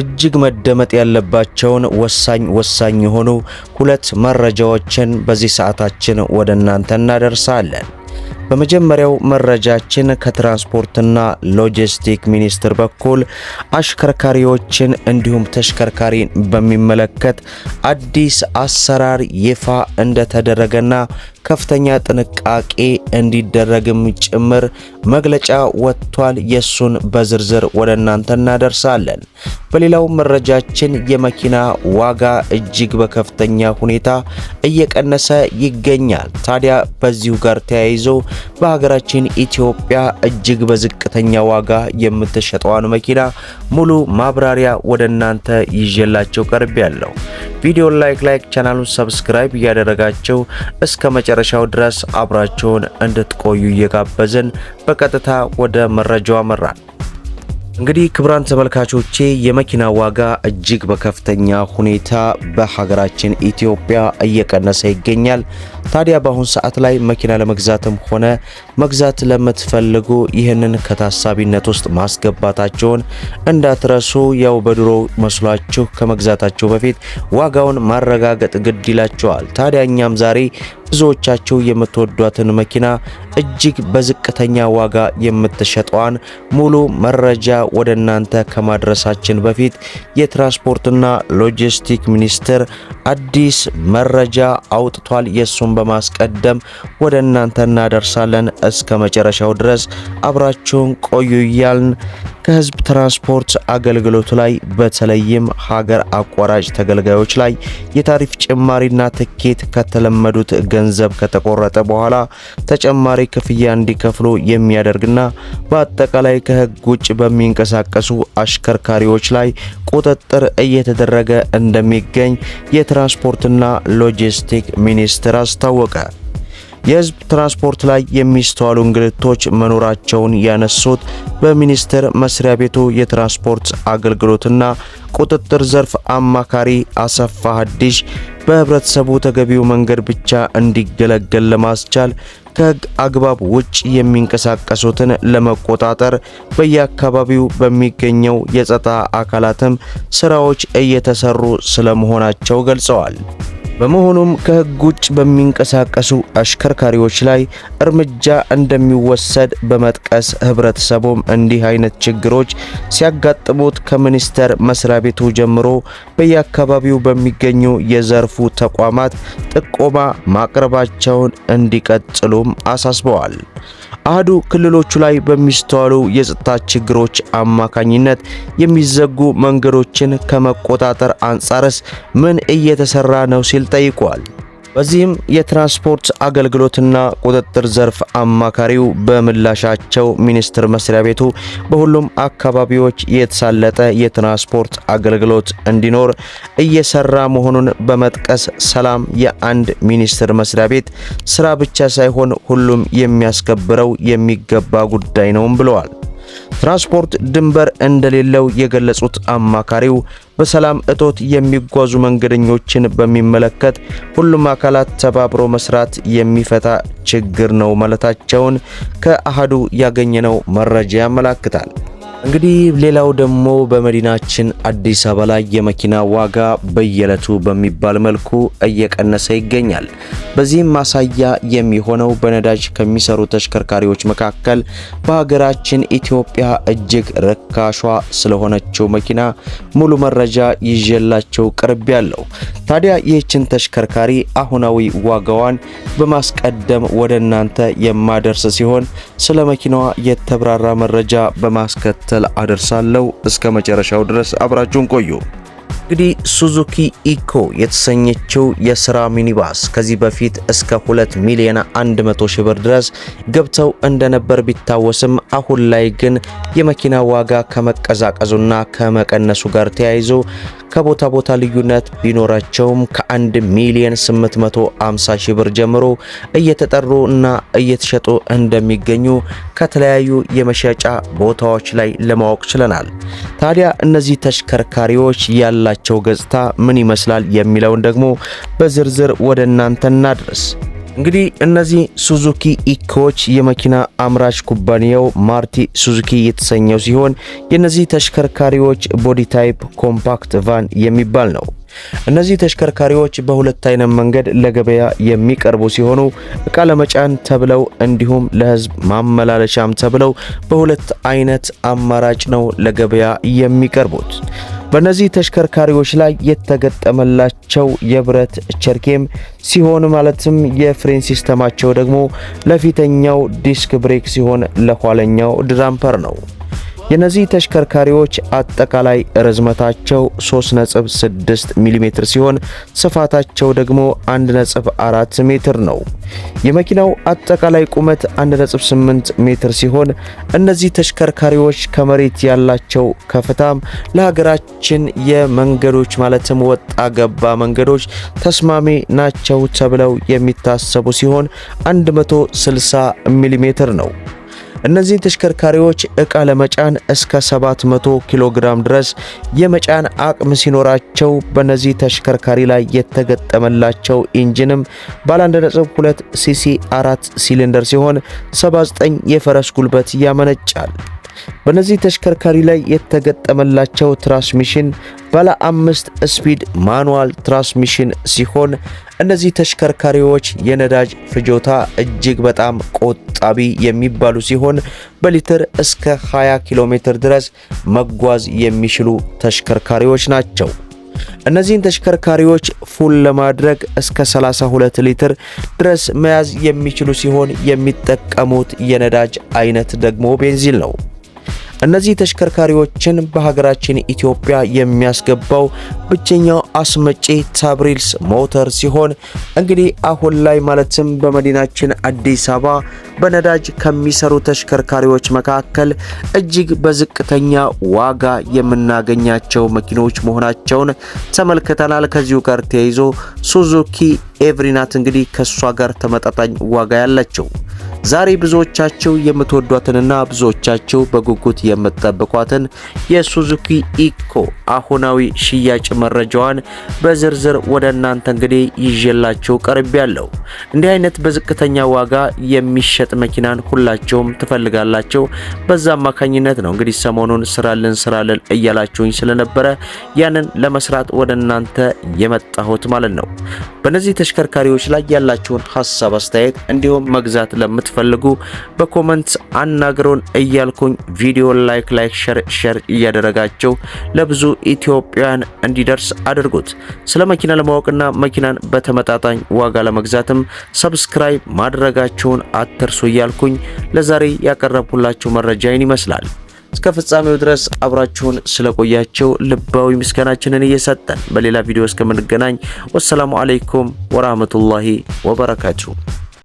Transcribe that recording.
እጅግ መደመጥ ያለባቸውን ወሳኝ ወሳኝ የሆኑ ሁለት መረጃዎችን በዚህ ሰዓታችን ወደ እናንተ እናደርሳለን። በመጀመሪያው መረጃችን ከትራንስፖርትና ሎጂስቲክ ሚኒስቴር በኩል አሽከርካሪዎችን እንዲሁም ተሽከርካሪን በሚመለከት አዲስ አሰራር ይፋ እንደተደረገና ከፍተኛ ጥንቃቄ እንዲደረግም ጭምር መግለጫ ወጥቷል። የሱን በዝርዝር ወደ እናንተ እናደርሳለን። በሌላው መረጃችን የመኪና ዋጋ እጅግ በከፍተኛ ሁኔታ እየቀነሰ ይገኛል። ታዲያ በዚሁ ጋር ተያይዞ በሀገራችን ኢትዮጵያ እጅግ በዝቅተኛ ዋጋ የምትሸጠዋን መኪና ሙሉ ማብራሪያ ወደ እናንተ ይዤላቸው ቀርብ ያለው ቪዲዮን ላይክ ላይክ ቻናሉን ሰብስክራይብ እያደረጋቸው እስከ መጨረሻው ድረስ አብራቸውን እንድትቆዩ እየጋበዝን በቀጥታ ወደ መረጃው አመራል። እንግዲህ ክቡራን ተመልካቾቼ የመኪና ዋጋ እጅግ በከፍተኛ ሁኔታ በሀገራችን ኢትዮጵያ እየቀነሰ ይገኛል። ታዲያ በአሁን ሰዓት ላይ መኪና ለመግዛትም ሆነ መግዛት ለምትፈልጉ ይህንን ከታሳቢነት ውስጥ ማስገባታቸውን እንዳትረሱ። ያው በድሮ መስሏችሁ ከመግዛታቸው በፊት ዋጋውን ማረጋገጥ ግድ ይላቸዋል። ታዲያ እኛም ዛሬ ብዙዎቻቸው የምትወዷትን መኪና እጅግ በዝቅተኛ ዋጋ የምትሸጠዋን ሙሉ መረጃ ወደ እናንተ ከማድረሳችን በፊት የትራንስፖርትና ሎጂስቲክ ሚኒስቴር አዲስ መረጃ አውጥቷል። የሱን በማስቀደም ወደ እናንተ እናደርሳለን። እስከ መጨረሻው ድረስ አብራችሁን ቆዩ እያልን ከህዝብ ትራንስፖርት አገልግሎት ላይ በተለይም ሀገር አቋራጭ ተገልጋዮች ላይ የታሪፍ ጭማሪና ትኬት ከተለመዱት ገ ገንዘብ ከተቆረጠ በኋላ ተጨማሪ ክፍያ እንዲከፍሉ የሚያደርግና በአጠቃላይ ከህግ ውጭ በሚንቀሳቀሱ አሽከርካሪዎች ላይ ቁጥጥር እየተደረገ እንደሚገኝ የትራንስፖርትና ሎጂስቲክ ሚኒስቴር አስታወቀ። የህዝብ ትራንስፖርት ላይ የሚስተዋሉ እንግልቶች መኖራቸውን ያነሱት በሚኒስቴር መስሪያ ቤቱ የትራንስፖርት አገልግሎትና ቁጥጥር ዘርፍ አማካሪ አሰፋ ሀዲሽ በህብረተሰቡ ተገቢው መንገድ ብቻ እንዲገለገል ለማስቻል ከህግ አግባብ ውጭ የሚንቀሳቀሱትን ለመቆጣጠር በየአካባቢው በሚገኘው የጸጥታ አካላትም ስራዎች እየተሰሩ ስለመሆናቸው ገልጸዋል። በመሆኑም ከሕግ ውጭ በሚንቀሳቀሱ አሽከርካሪዎች ላይ እርምጃ እንደሚወሰድ በመጥቀስ ህብረተሰቡም እንዲህ አይነት ችግሮች ሲያጋጥሙት ከሚኒስቴር መስሪያ ቤቱ ጀምሮ በየአካባቢው በሚገኙ የዘርፉ ተቋማት ጥቆማ ማቅረባቸውን እንዲቀጥሉም አሳስበዋል። አህዱ ክልሎቹ ላይ በሚስተዋሉ የጸጥታ ችግሮች አማካኝነት የሚዘጉ መንገዶችን ከመቆጣጠር አንጻርስ ምን እየተሰራ ነው ሲል ጠይቋል። በዚህም የትራንስፖርት አገልግሎትና ቁጥጥር ዘርፍ አማካሪው በምላሻቸው ሚኒስቴር መስሪያ ቤቱ በሁሉም አካባቢዎች የተሳለጠ የትራንስፖርት አገልግሎት እንዲኖር እየሰራ መሆኑን በመጥቀስ ሰላም የአንድ ሚኒስቴር መስሪያ ቤት ስራ ብቻ ሳይሆን ሁሉም የሚያስከብረው የሚገባ ጉዳይ ነውም ብለዋል። ትራንስፖርት ድንበር እንደሌለው የገለጹት አማካሪው በሰላም እጦት የሚጓዙ መንገደኞችን በሚመለከት ሁሉም አካላት ተባብሮ መስራት የሚፈታ ችግር ነው ማለታቸውን ከአሃዱ ያገኘነው መረጃ ያመላክታል። እንግዲህ ሌላው ደግሞ በመዲናችን አዲስ አበባ ላይ የመኪና ዋጋ በየዕለቱ በሚባል መልኩ እየቀነሰ ይገኛል። በዚህም ማሳያ የሚሆነው በነዳጅ ከሚሰሩ ተሽከርካሪዎች መካከል በሀገራችን ኢትዮጵያ እጅግ ርካሿ ስለሆነችው መኪና ሙሉ መረጃ ይዤላቸው ቅርብ ያለው። ታዲያ ይህችን ተሽከርካሪ አሁናዊ ዋጋዋን በማስቀደም ወደ እናንተ የማደርስ ሲሆን ስለ መኪናዋ የተብራራ መረጃ በማስከተል መከታተል አደርሳለሁ። እስከ መጨረሻው ድረስ አብራችሁን ቆዩ። እንግዲህ ሱዙኪ ኢኮ የተሰኘችው የስራ ሚኒባስ ከዚህ በፊት እስከ 2 ሚሊዮን 100 ሺህ ብር ድረስ ገብተው እንደነበር ቢታወስም አሁን ላይ ግን የመኪና ዋጋ ከመቀዛቀዙና ከመቀነሱ ጋር ተያይዞ ከቦታ ቦታ ልዩነት ቢኖራቸውም ከ1 ሚሊዮን 850 ሺህ ብር ጀምሮ እየተጠሩ እና እየተሸጡ እንደሚገኙ ከተለያዩ የመሸጫ ቦታዎች ላይ ለማወቅ ችለናል። ታዲያ እነዚህ ተሽከርካሪዎች ያለ ያላቸው ገጽታ ምን ይመስላል የሚለውን ደግሞ በዝርዝር ወደ እናንተ እናድረስ። እንግዲህ እነዚህ ሱዙኪ ኢኮዎች የመኪና አምራች ኩባንያው ማርቲ ሱዙኪ የተሰኘው ሲሆን የእነዚህ ተሽከርካሪዎች ቦዲ ታይፕ ኮምፓክት ቫን የሚባል ነው። እነዚህ ተሽከርካሪዎች በሁለት አይነት መንገድ ለገበያ የሚቀርቡ ሲሆኑ እቃ ለመጫን ተብለው እንዲሁም ለሕዝብ ማመላለሻም ተብለው በሁለት አይነት አማራጭ ነው ለገበያ የሚቀርቡት። በእነዚህ ተሽከርካሪዎች ላይ የተገጠመላቸው የብረት ቸርኬም ሲሆን ማለትም የፍሬን ሲስተማቸው ደግሞ ለፊተኛው ዲስክ ብሬክ ሲሆን ለኋለኛው ድራምፐር ነው። የነዚህ ተሽከርካሪዎች አጠቃላይ ርዝመታቸው 3.6 ሚሜ ሲሆን ስፋታቸው ደግሞ 1.4 ሜትር ነው። የመኪናው አጠቃላይ ቁመት 1.8 ሜትር ሲሆን እነዚህ ተሽከርካሪዎች ከመሬት ያላቸው ከፍታም ለሀገራችን የመንገዶች ማለትም ወጣ ገባ መንገዶች ተስማሚ ናቸው ተብለው የሚታሰቡ ሲሆን 160 ሚሜ ነው። እነዚህን ተሽከርካሪዎች እቃ ለመጫን እስከ 700 ኪሎ ግራም ድረስ የመጫን አቅም ሲኖራቸው በነዚህ ተሽከርካሪ ላይ የተገጠመላቸው ኢንጂንም ባለ 1.2 ሲሲ 4 ሲሊንደር ሲሆን 79 የፈረስ ጉልበት ያመነጫል። በነዚህ ተሽከርካሪ ላይ የተገጠመላቸው ትራንስሚሽን ባለ አምስት ስፒድ ማኑዋል ትራንስሚሽን ሲሆን እነዚህ ተሽከርካሪዎች የነዳጅ ፍጆታ እጅግ በጣም ቆጣቢ የሚባሉ ሲሆን በሊትር እስከ 20 ኪሎ ሜትር ድረስ መጓዝ የሚችሉ ተሽከርካሪዎች ናቸው። እነዚህን ተሽከርካሪዎች ፉል ለማድረግ እስከ 32 ሊትር ድረስ መያዝ የሚችሉ ሲሆን የሚጠቀሙት የነዳጅ አይነት ደግሞ ቤንዚን ነው። እነዚህ ተሽከርካሪዎችን በሀገራችን ኢትዮጵያ የሚያስገባው ብቸኛው አስመጪ ታብሪልስ ሞተር ሲሆን እንግዲህ አሁን ላይ ማለትም በመዲናችን አዲስ አበባ በነዳጅ ከሚሰሩ ተሽከርካሪዎች መካከል እጅግ በዝቅተኛ ዋጋ የምናገኛቸው መኪኖች መሆናቸውን ተመልክተናል። ከዚሁ ጋር ተያይዞ ሱዙኪ ኤቭሪናት እንግዲህ ከእሷ ጋር ተመጣጣኝ ዋጋ ያላቸው ዛሬ ብዙዎቻቸው የምትወዷትንና ብዙዎቻቸው በጉጉት የምትጠብቋትን የሱዙኪ ኢኮ አሁናዊ ሽያጭ መረጃዋን በዝርዝር ወደ እናንተ እንግዲህ ይዤላችሁ ያለው እንዲህ አይነት በዝቅተኛ ዋጋ የሚሸጥ መኪናን ሁላቸውም ትፈልጋላቸው። በዛ አማካኝነት ነው እንግዲህ ሰሞኑን ስራልን ስራልን እያላችሁኝ ስለነበረ ያንን ለመስራት ወደ እናንተ የመጣሁት ማለት ነው። በእነዚህ ተሽከርካሪዎች ላይ ያላችሁን ሀሳብ አስተያየት፣ እንዲሁም መግዛት ለምት የምትፈልጉ በኮመንት አናግረውን እያልኩኝ ቪዲዮ ላይክ ላይክ ሸር ሸር እያደረጋቸው ለብዙ ኢትዮጵያውያን እንዲደርስ አድርጉት። ስለ መኪና ለማወቅና መኪናን በተመጣጣኝ ዋጋ ለመግዛትም ሰብስክራይብ ማድረጋቸውን አትርሱ እያልኩኝ ለዛሬ ያቀረብኩላችሁ መረጃይን ይመስላል። እስከ ፍጻሜው ድረስ አብራችሁን ስለቆያቸው ልባዊ ምስጋናችንን እየሰጠን በሌላ ቪዲዮ እስከምንገናኝ ወሰላሙ አለይኩም ወራህመቱላሂ ወበረካቱሁ።